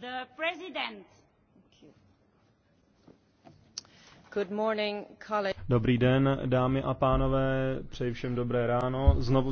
the president. Dobrý den, dámy a pánové, přeji všem dobré ráno. Znovu